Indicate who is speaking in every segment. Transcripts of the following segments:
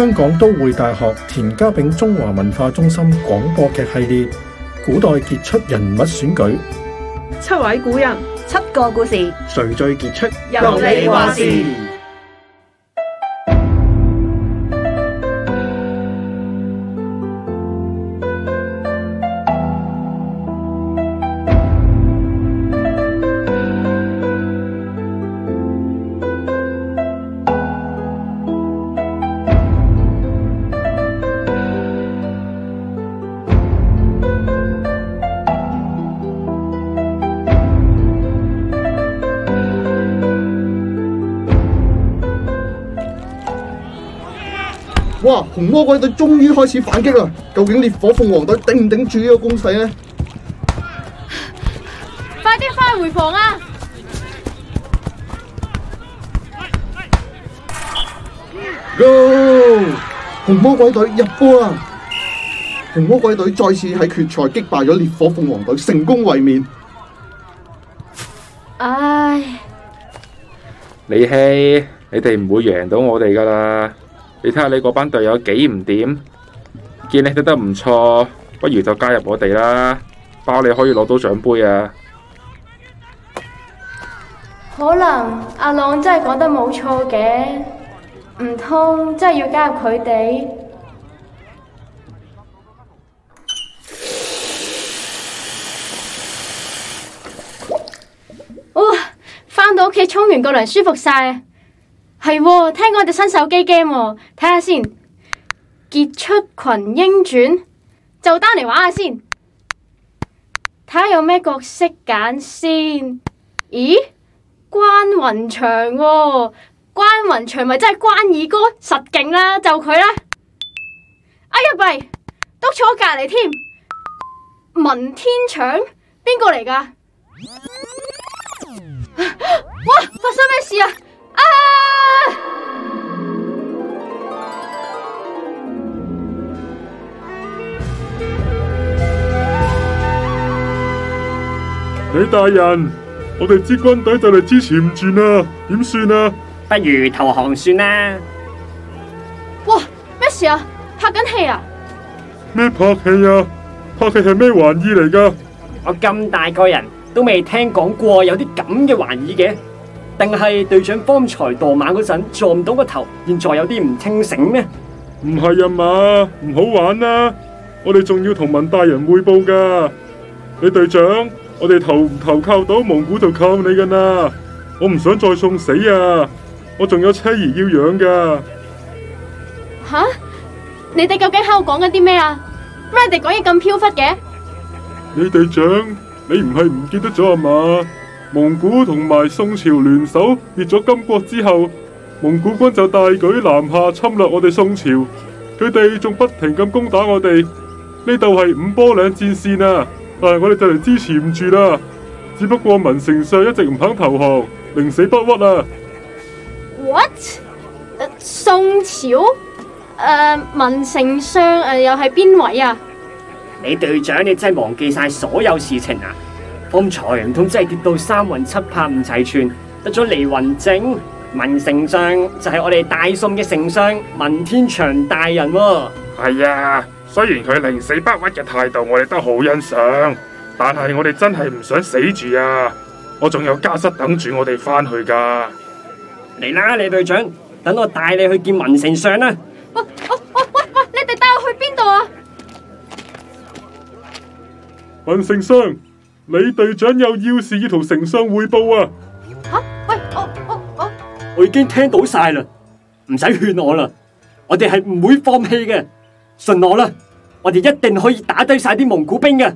Speaker 1: 香港都會大學田家炳中華文化中心廣播劇系列：古代傑出人物選舉，
Speaker 2: 七位古
Speaker 3: 人，七個故事，誰最傑出？由你話事。
Speaker 1: 紅魔鬼隊終於開始反擊啦！究竟烈火鳳凰隊頂唔頂住呢個攻勢呢？快
Speaker 2: 啲返去回防
Speaker 1: 啊！Go！紅魔鬼隊入波啊！紅魔鬼隊再次喺決賽擊敗咗烈火鳳凰隊，成功衛冕。
Speaker 2: 唉，
Speaker 4: 李希，你哋唔會贏到我哋噶啦！你睇下你嗰班隊友幾唔掂，見你踢得唔錯，不如就加入我哋啦，包你可以攞到獎盃啊！
Speaker 2: 可能阿朗真係講得冇錯嘅，唔通真係要加入佢哋？哇！返、 哦、到屋企沖完個涼舒服晒。係、哦，聽講隻新手機 game，睇下先。傑出群英傳就單嚟玩下先，睇下有咩角色揀先。咦，關雲長、哦，關雲長咪即係關二哥，實勁啦，就佢啦。哎呀喂，篤錯我隔籬添。文天祥邊個嚟㗎？哇，發生咩事啊？
Speaker 4: 李大人，我哋支軍隊就嚟支持唔住啦，點算啊？不如投降算啦。
Speaker 2: 哇，咩事啊？拍緊戲啊？
Speaker 4: 咩拍戲啊？拍戲係咩玩意嚟噶？
Speaker 3: 我咁大個人都未聽講過有啲咁嘅玩意嘅。定係隊長方才墮馬嗰陣撞到個
Speaker 4: 頭，現在有啲唔清醒咩？唔係啊嘛，唔好玩啦！我哋仲要同文大人匯報噶。李隊長，我哋投唔投靠到蒙古就靠你噶啦，我唔想再送死啊！我仲有妻兒要養噶。
Speaker 2: 吓，你哋究竟喺度講緊啲咩啊？乜人哋講嘢咁飄忽嘅？
Speaker 4: 李隊長，你唔係唔記得咗啊嘛？蒙古同埋宋朝聯手滅咗金國之後，蒙古軍就大舉南下侵略我哋宋朝，佢哋仲不停咁攻打我哋，呢度係五波嶺戰線啊！但係我哋就嚟支持唔住啦，只不過文丞相一直唔肯投降，寧死不屈啊
Speaker 2: ！What？誒，宋朝誒，文丞相誒，又係邊位啊？
Speaker 3: 你隊長，你真係忘記晒所有事情啊！方才唔通真係跌到三魂七魄唔齊全，得咗離魂症。文丞相就係我哋大宋嘅丞相文天祥大人。係啊，雖然佢寧死
Speaker 4: 不屈嘅態度，我哋都好欣賞，但係我哋真係唔想死住啊！我仲有家室等住我哋翻去噶。嚟啦，李隊長，等我帶你去見文丞相啦。
Speaker 2: 喂喂喂喂，你哋帶我去邊度啊？
Speaker 4: 文丞相。李隊長有要事要同丞相匯報啊！吓，喂，我我我我已經聽到晒啦，
Speaker 3: 唔使勸我啦，我哋係唔會放棄嘅，信我啦，我哋一定可以打低晒啲蒙古兵嘅，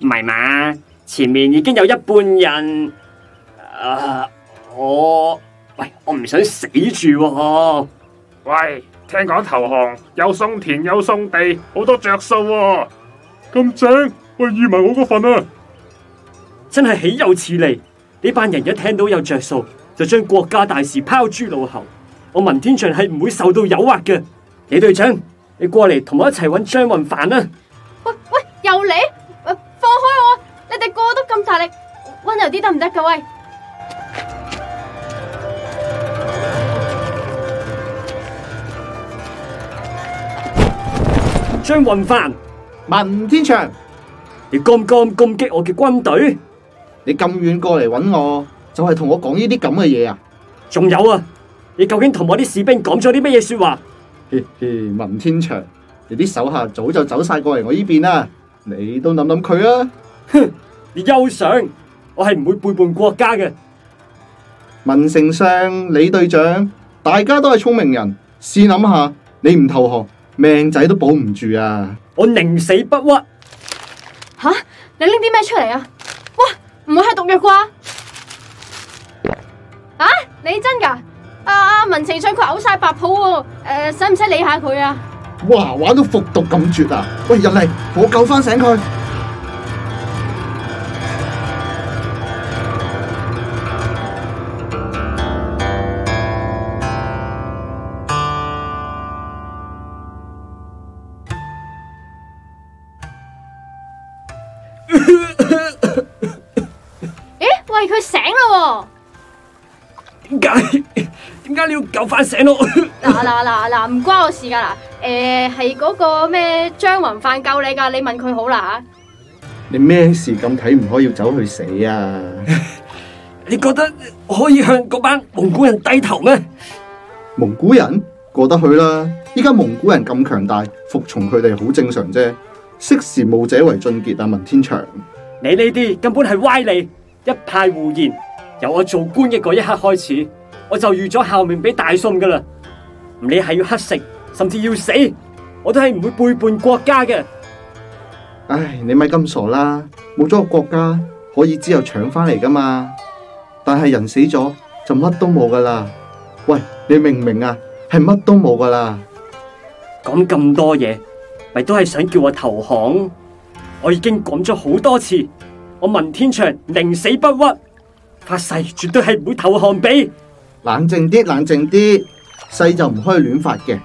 Speaker 3: 唔係嘛？前面已經有一半人，啊，我喂，我唔想死
Speaker 4: 住喎，喂，聽講投降又送田又送地，好多着數喎，咁正。預埋我嗰份啊！真
Speaker 3: 係豈有此理！呢班人一聽到有着數，就將國家大事拋諸腦後。我文天祥係唔會受到誘惑嘅。李隊長，你過嚟同我一齊揾張弘範啊！
Speaker 2: 喂喂，又嚟？放開我！你哋個個都咁大力，溫柔啲得唔得噶？喂！
Speaker 3: 張弘範，文天祥。你剛剛攻擊我嘅軍隊？
Speaker 1: 你咁遠過嚟揾我，就係同我講呢啲咁嘅嘢啊？仲有啊，你究竟同我啲士兵講咗啲咩嘢說話？嘻嘻，文天祥，你啲手下早就走晒過嚟我呢邊啦，你都諗諗佢啊！哼，你休想，我係唔會背叛國家嘅。文丞相，李隊長，大家都係聰明人，試諗下，你唔投降，命仔都保唔住啊！
Speaker 3: 我寧死不屈。
Speaker 2: 你拎啲咩出嚟啊？哇，唔會係毒藥啩？啊，你真㗎？啊，阿文情上佢嘔晒白泡喎，誒，使唔使理下佢啊？
Speaker 1: 哇，玩到服毒咁絕啊！喂，入嚟，我救翻醒佢。
Speaker 2: 係佢醒咯，點
Speaker 3: 解？點解你要救翻醒咯？
Speaker 2: 嗱嗱嗱嗱，唔關我事噶啦。誒，係嗰個咩張弘範救你噶，你問佢好啦。
Speaker 1: 你咩事咁睇唔開，要走去死啊？你覺得可以向嗰班蒙古人低頭咩？蒙古人過得去啦。依家蒙古人咁強大，服從佢哋好正
Speaker 3: 常啫。識時務者為俊傑啊，文天祥。你呢啲根本係歪理。一派胡言！由我做官嘅嗰一刻開始，我就預咗效命俾大宋噶啦。唔理係要乞食，甚至要死，我都係唔會背叛國家嘅。唉，你咪咁傻啦！冇咗個國家，可以之後
Speaker 1: 搶翻嚟噶嘛？但係人死咗就乜都冇噶啦！喂，
Speaker 3: 你明唔明啊？係乜都冇噶啦！講咁多嘢，咪都係想叫我投降？我已經講咗好多次。我文天祥寧死不屈，發誓絕對係唔會投降俾。冷靜啲，冷靜啲，
Speaker 1: 細就唔可以亂發嘅。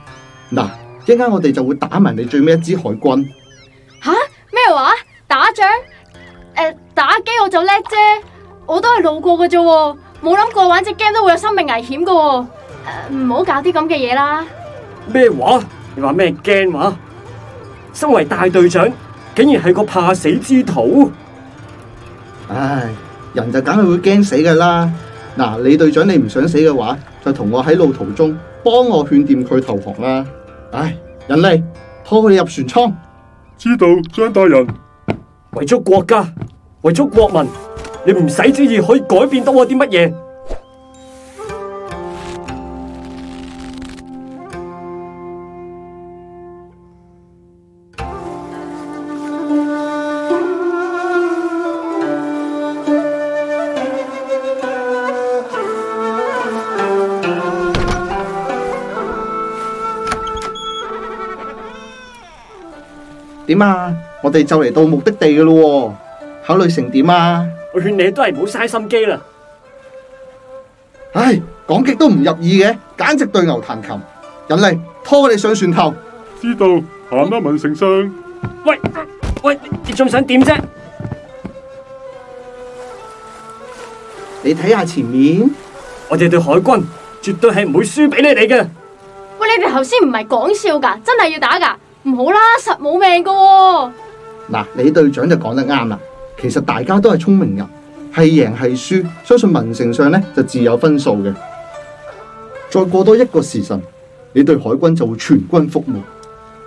Speaker 1: 嗱，一陣間我哋就會打埋你最尾一支海軍。
Speaker 2: 吓？咩話？打仗？誒、呃，打機我就叻啫，我都係路過嘅啫，冇諗過玩隻 game 都會有生命危險嘅。唔、呃、唔好搞啲咁嘅嘢啦。
Speaker 3: 咩話？你話咩 game 話？身為大隊長，竟然係個怕死之徒？唉，
Speaker 1: 人就梗係會驚死噶啦。嗱，李隊長，你唔想死嘅話，就同我喺路途中幫我勸掂佢投降啦。唉，人嚟拖佢入船艙。
Speaker 3: 知道，張大人。為咗國家，為咗國民，你唔使旨意可以改變到我啲乜嘢？
Speaker 1: 點啊！我哋就嚟到目的地噶咯，考慮成點啊？我勸你都係唔好嘥心機啦。唉，講極都唔入耳嘅，簡直對牛彈琴。人嚟，拖我哋上船頭。知道，行啦，文丞相。
Speaker 3: 喂喂，你仲想點啫？你睇下前面，我哋對海軍絕對係唔會輸俾你哋嘅。
Speaker 2: 喂，你哋頭先唔係講笑噶，真係要打噶。唔好啦，實冇命噶
Speaker 1: 喎！嗱，李隊長就講得啱啦。其實大家都係聰明人，係贏係輸，相信文丞相咧就自有分數嘅。再過多一個時辰，你對海軍就會全軍覆沒。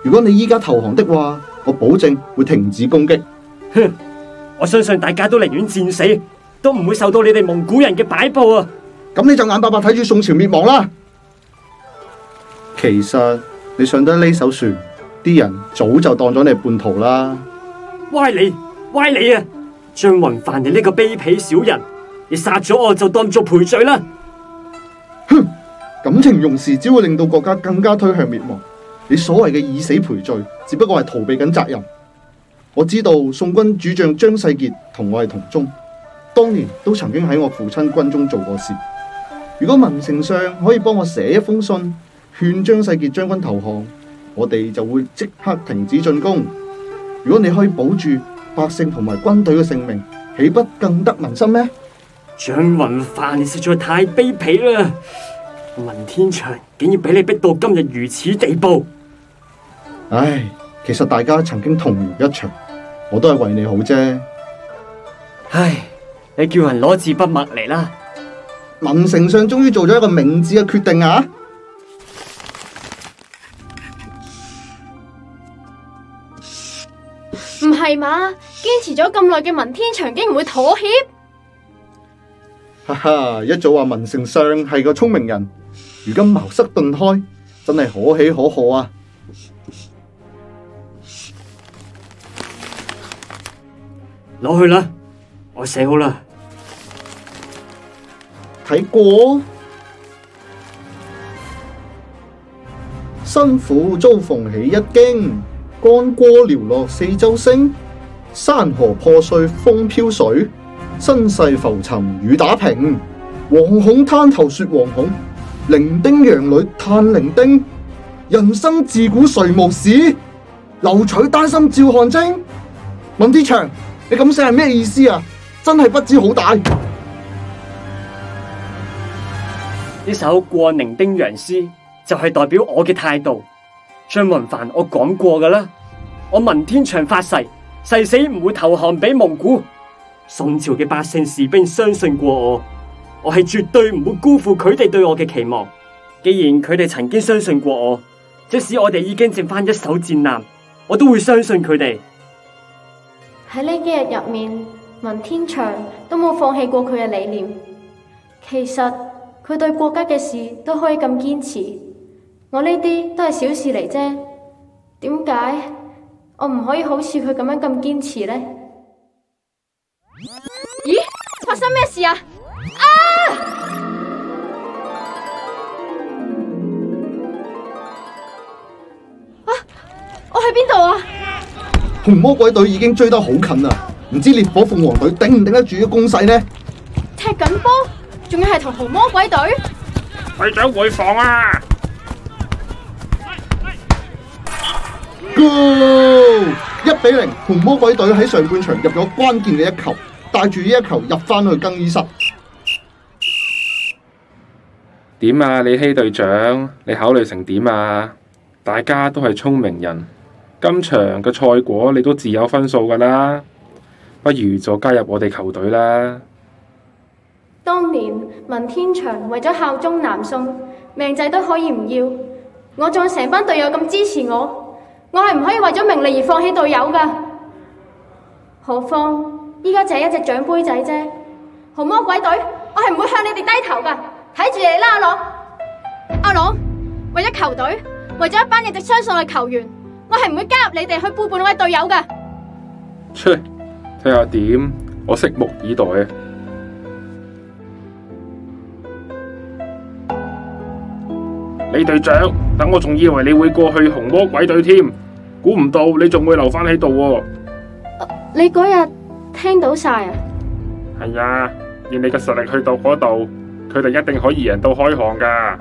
Speaker 1: 如果你依家投降的話，
Speaker 3: 我保證會停止攻擊。哼，我相信大家都寧願戰死，都唔會受到你哋蒙古人嘅擺布啊！咁你就眼白白睇住宋朝滅亡啦。
Speaker 1: 其實你上得呢艘船，啲人早就當咗你係叛徒啦！
Speaker 3: 歪理，歪理啊！張弘範，你呢個卑鄙小人，你殺咗我就當做賠罪啦！哼，感
Speaker 1: 情用事只會令到國家更加推向滅亡。你所謂嘅以死賠罪，只不過係逃避緊責任。我知道宋軍主將張世傑同我係同宗，當年都曾經喺我父親軍中做過事。如果文丞相可以幫我寫一封信，勸張世傑將軍投降。我哋就會即刻停止進攻。如果你可以保住百姓同埋軍隊嘅性命，豈不更得民
Speaker 3: 心咩？張弘範，你實在太卑鄙啦！文天祥竟然俾你逼到今日如此地步。
Speaker 1: 唉，其實大家曾經同一場，我都係為你好啫。唉，你叫人攞字筆墨嚟啦。文丞相終於做咗一個明智嘅決定啊！
Speaker 2: 係嘛？堅持咗咁耐嘅文天祥，竟唔會妥協？
Speaker 1: 哈哈！一早話文丞相係個聰明人，如今茅塞頓開，真係可喜可賀啊！
Speaker 3: 攞去啦，我寫好啦。睇過，
Speaker 1: 辛苦遭逢起一經，干戈寥落四周星。山河破碎風飄水，身世浮沉雨打萍。惶恐灘頭說惶恐，零丁洋裏嘆零丁。人生自古誰無死？留取丹心照汗青。文天祥，你咁寫係咩意思啊？真係不知好
Speaker 3: 歹。呢首《過零丁洋》詩就係代表我嘅態度。張弘範，我講過噶啦，我文天祥發誓。誓死唔會投降俾蒙古。宋朝嘅百姓士兵，相信過我，我係絕對唔會辜負佢哋對我嘅期望。既然佢哋曾經相信過我，即使我哋已經剩翻一手戰艦，我都會相信佢哋。
Speaker 2: 喺呢幾日入面，文天祥都冇放棄過佢嘅理念。其實佢對國家嘅事都可以咁堅持。我呢啲都係小事嚟啫，點解？我唔可以好似佢咁樣咁堅持咧。咦？發生咩事啊？啊！啊！我喺邊度啊？
Speaker 1: 紅魔鬼隊已經追得好近啦，唔知烈火鳳凰隊頂唔頂得住啲攻勢呢？
Speaker 2: 踢緊波，仲要係同紅魔鬼隊隊長回防啊！
Speaker 1: 一比零，紅、wow, 魔鬼隊喺上半場入咗關鍵嘅一球，帶住呢一球入翻去更衣室。
Speaker 4: 點啊，李希隊長，你考慮成點啊？大家都係聰明人，今場嘅賽果你都自有分數噶啦，不如就加入我哋球隊啦。
Speaker 2: 當年文天祥為咗效忠南宋，命仔都可以唔要，我仲成班隊友咁支持我。我係唔可以為咗名利而放棄隊友噶，何況依家就係一隻獎杯仔啫。紅魔鬼隊，我係唔會向你哋低頭噶。睇住你啦，阿龍，阿龍，為咗球隊，為咗一班你哋相信我嘅球員，我係唔會加入你哋去背叛我嘅隊友噶。
Speaker 4: 出嚟，睇下點，我拭目以待啊！李隊長，等我仲以為你會過去紅魔鬼隊添。估唔到你仲會留翻喺度喎！
Speaker 2: 你嗰日聽到晒啊？
Speaker 4: 係啊！以你嘅實力去到嗰度，佢哋一定可以贏到開行噶。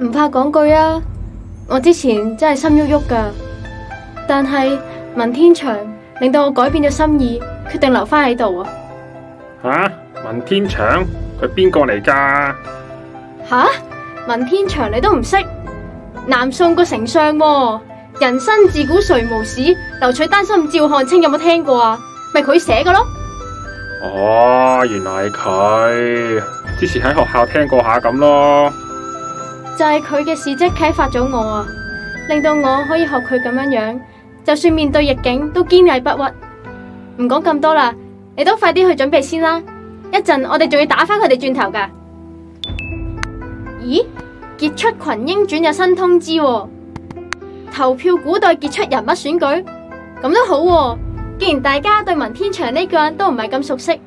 Speaker 2: 唔怕講句啊，我之前真係心郁郁噶，但係文天祥令到我改變咗心意，決定留翻喺度啊！
Speaker 4: 吓、啊，文天祥？佢邊個嚟噶？吓、
Speaker 2: 啊，文天祥？你都唔識？南宋個丞相喎、啊！人生自古誰無死，留取丹心照汗青。有冇聽過啊？咪佢寫嘅
Speaker 4: 咯。哦，原嚟係佢，之前喺學校聽過下咁咯。
Speaker 2: 就係佢嘅事跡啟發咗我啊，令到我可以學佢咁樣樣，就算面對逆境都堅毅不屈。唔講咁多啦，你都快啲去準備先啦。一陣我哋仲要打返佢哋轉頭㗎。咦？傑出群英轉入新通知喎、啊。投票古代傑出人物選舉，咁都好、啊，既然大家對文天祥呢個人都唔係咁熟悉，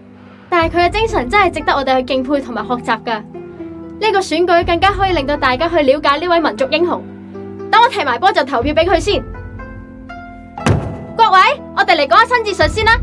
Speaker 2: 但係佢嘅精神真係值得我哋去敬佩同埋學習噶。呢個選舉更加可以令到大家去了解呢位民族英雄。等我踢埋波就投票俾佢先。各位，我哋嚟講下新字術先啦。